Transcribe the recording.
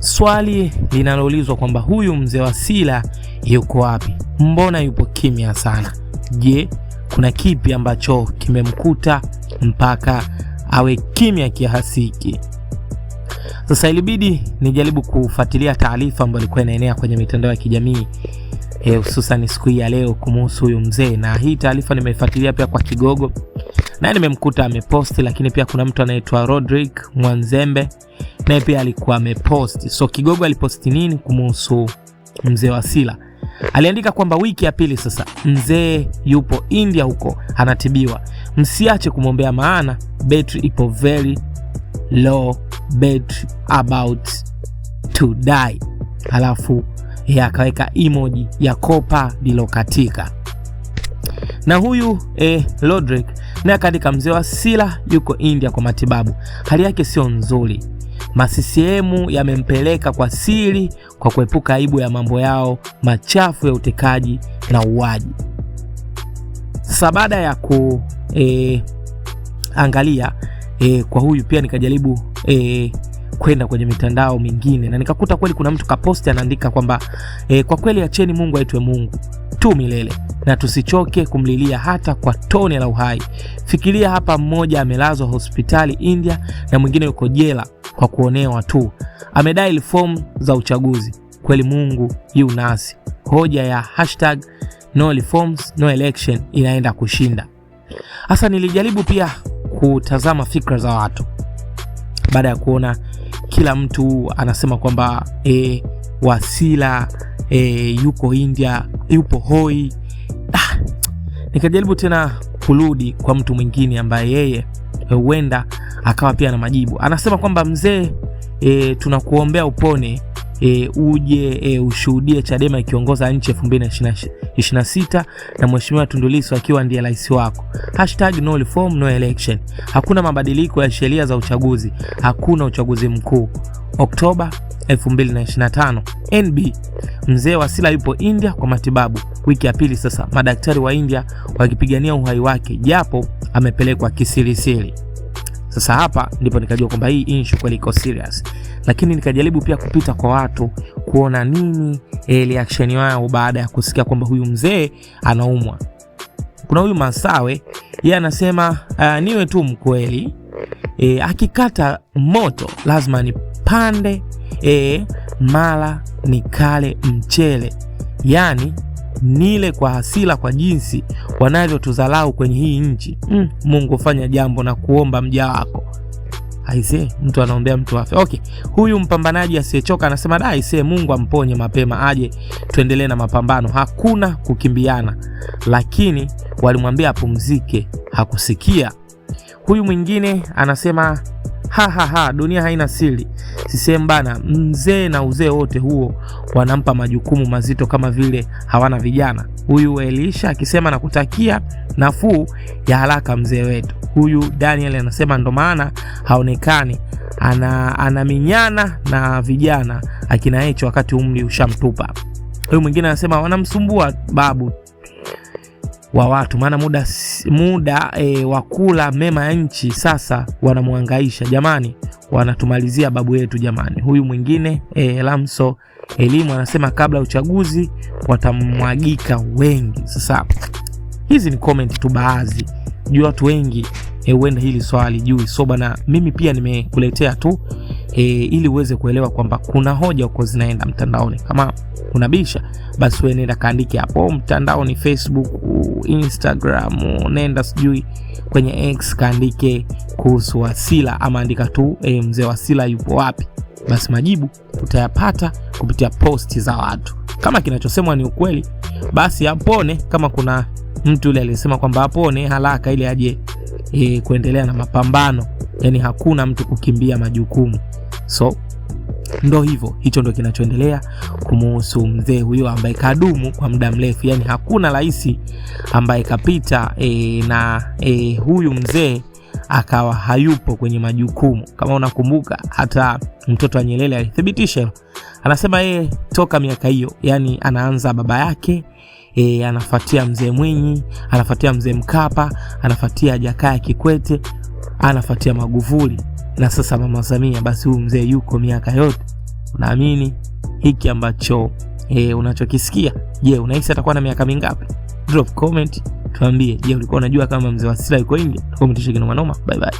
Swali linaloulizwa kwamba huyu mzee wa sila yuko wapi? Mbona yupo kimya sana? Je, kuna kipi ambacho kimemkuta mpaka awe kimya kiasi hiki? Sasa ilibidi nijaribu kufuatilia taarifa ambayo ilikuwa inaenea kwenye mitandao ya kijamii eh, hususan e, siku hii ya leo kumuhusu huyu mzee, na hii taarifa nimeifuatilia pia kwa Kigogo naye nimemkuta ameposti, lakini pia kuna mtu anaitwa Rodrick Mwanzembe naye pia alikuwa ameposti. So Kigogo aliposti nini kumuhusu mzee Wasira? Aliandika kwamba wiki ya pili sasa mzee yupo India huko anatibiwa, msiache kumwombea, maana betri ipo very low, betri about to die. Halafu akaweka emoji ya kopa lilokatika na huyu eh, Rodrick naye katika mzee wa Sila yuko India kwa matibabu, hali yake sio nzuri. Masisiemu yamempeleka kwa siri kwa kuepuka aibu ya mambo yao machafu ya utekaji na uwaji. Sasa baada ya kuangalia e, e, kwa huyu pia nikajaribu e, kwenda kwenye mitandao mingine na nikakuta kweli kuna mtu kaposti anaandika kwamba e, kwa kweli acheni Mungu aitwe Mungu tu milele na tusichoke kumlilia hata kwa tone la uhai. Fikiria hapa, mmoja amelazwa hospitali India na mwingine yuko jela kwa kuonewa tu, amedai fomu za uchaguzi. Kweli Mungu yu nasi. Hoja ya hashtag no reforms, no election inaenda kushinda. Hasa nilijaribu pia kutazama fikra za watu baada ya kuona kila mtu anasema kwamba e, Wasila e, yuko India, yupo hoi nikajaribu tena kurudi kwa mtu mwingine ambaye yeye eh, huenda akawa pia na majibu. Anasema kwamba mzee e, tunakuombea upone e, uje e, ushuhudie Chadema ikiongoza nchi 2026 na Mheshimiwa Tundu Lissu akiwa ndiye rais wako. Hashtag no reform, no election. Hakuna mabadiliko ya sheria za uchaguzi, hakuna uchaguzi mkuu Oktoba 2025. NB mzee Wasira yupo India kwa matibabu, wiki ya pili sasa, madaktari wa India wakipigania uhai wake, japo amepelekwa kisirisiri. Sasa hapa ndipo nikajua kwamba hii issue kweli iko serious, lakini nikajaribu pia kupita kwa watu kuona nini eh, reaction yao baada ya kusikia kwamba huyu mzee anaumwa. Kuna huyu Masawe, yeye anasema uh, niwe tu mkweli e, akikata moto lazima nipande e mara nikale mchele, yaani nile kwa hasira kwa jinsi wanavyotudharau kwenye hii nchi. Mm, Mungu fanya jambo na kuomba mja wako. Aise, mtu anaombea mtu afe. Okay, huyu mpambanaji asiyechoka anasema da, aise, Mungu amponye mapema aje tuendelee na mapambano. Hakuna kukimbiana, lakini walimwambia apumzike, hakusikia. Huyu mwingine anasema Ha, ha, ha, dunia haina siri. Sisemi bana, mzee na uzee wote huo wanampa majukumu mazito kama vile hawana vijana. Huyu Elisha akisema na kutakia nafuu ya haraka mzee wetu. Huyu Daniel anasema ndo maana haonekani, ana anaminyana na vijana akina Hecho wakati umri ushamtupa. Huyu mwingine anasema wanamsumbua babu wa watu, maana muda, muda e, wa kula mema ya nchi sasa wanamwangaisha jamani, wanatumalizia babu yetu jamani. Huyu mwingine e, Lamso Elimu anasema kabla uchaguzi watamwagika wengi. Sasa hizi ni comment tu baadhi juu watu wengi e, huenda e, hili swali juu so bana, mimi pia nimekuletea tu e, ili uweze kuelewa kwamba kuna hoja huko zinaenda mtandaoni. Kama unabisha basi, wewe nenda kaandike hapo mtandaoni, Facebook, Instagram, nenda sijui kwenye X kaandike kuhusu Wasira, ama andika tu e, mzee Wasira yupo wapi? Basi majibu utayapata kupitia posti za watu. Kama kinachosemwa ni ukweli, basi apone. Kama kuna mtu yule aliyesema kwamba apone haraka ili aje e, kuendelea na mapambano yani hakuna mtu kukimbia majukumu. So ndo hivyo, hicho ndo kinachoendelea kumuhusu mzee huyo ambaye kadumu kwa muda mrefu, yani hakuna rahisi ambaye kapita e, na e, huyu mzee akawa hayupo kwenye majukumu. Kama unakumbuka, hata mtoto wa Nyerere alithibitisha, anasema yeye toka miaka hiyo, yani anaanza baba yake e, anafuatia mzee Mwinyi, anafuatia mzee Mkapa, anafuatia Jakaya Kikwete, anafuatia Magufuli na sasa mama Samia, basi huyu mzee yuko miaka yote. Naamini hiki ambacho e, unachokisikia, je, unahisi atakuwa na miaka mingapi? Drop comment tuambie. Je, ulikuwa unajua kama mzee wa Sila yuko nje? Comment check noma Bye bye.